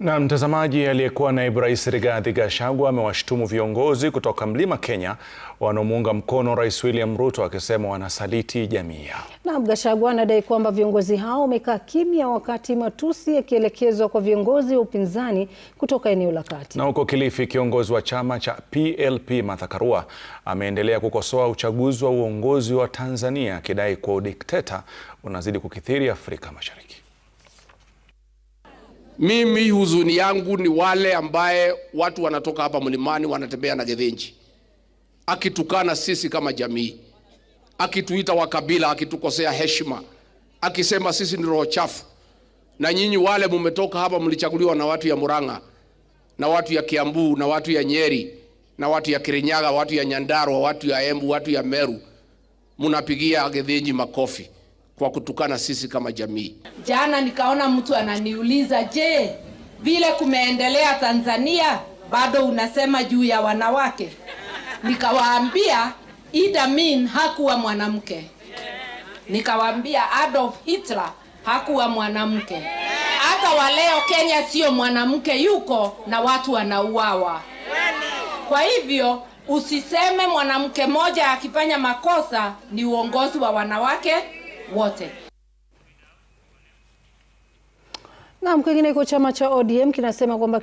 Na mtazamaji, aliyekuwa naibu rais Rigathi Gachagua amewashutumu viongozi kutoka Mlima Kenya wanaomuunga mkono Rais William Ruto akisema wanasaliti jamii yao. Na Gachagua anadai kwamba viongozi hao wamekaa kimya wakati matusi yakielekezwa kwa viongozi wa upinzani kutoka eneo la kati. Na huko Kilifi, kiongozi wa chama cha PLP Martha Karua ameendelea kukosoa uchaguzi wa uongozi wa Tanzania akidai kuwa udikteta unazidi kukithiri Afrika Mashariki. Mimi huzuni yangu ni wale ambaye watu wanatoka hapa mlimani wanatembea na Githinji akitukana sisi kama jamii, akituita wakabila, akitukosea heshima, akisema sisi ni roho chafu. Na nyinyi wale mumetoka hapa, mlichaguliwa na watu ya Murang'a na watu ya Kiambu na watu ya Nyeri na watu ya Kirinyaga, watu ya Nyandarua, watu ya Embu, watu ya Meru, munapigia Githinji makofi kwa kutukana sisi kama jamii. Jana nikaona mtu ananiuliza, je, vile kumeendelea Tanzania bado unasema juu ya wanawake? Nikawaambia Idi Amin hakuwa mwanamke, nikawaambia Adolf Hitler hakuwa mwanamke, hata wa leo Kenya sio mwanamke yuko na watu wanauawa. Kwa hivyo usiseme mwanamke mmoja akifanya makosa ni uongozi wa wanawake wote. Naam, kwingineko chama cha ODM kinasema kwamba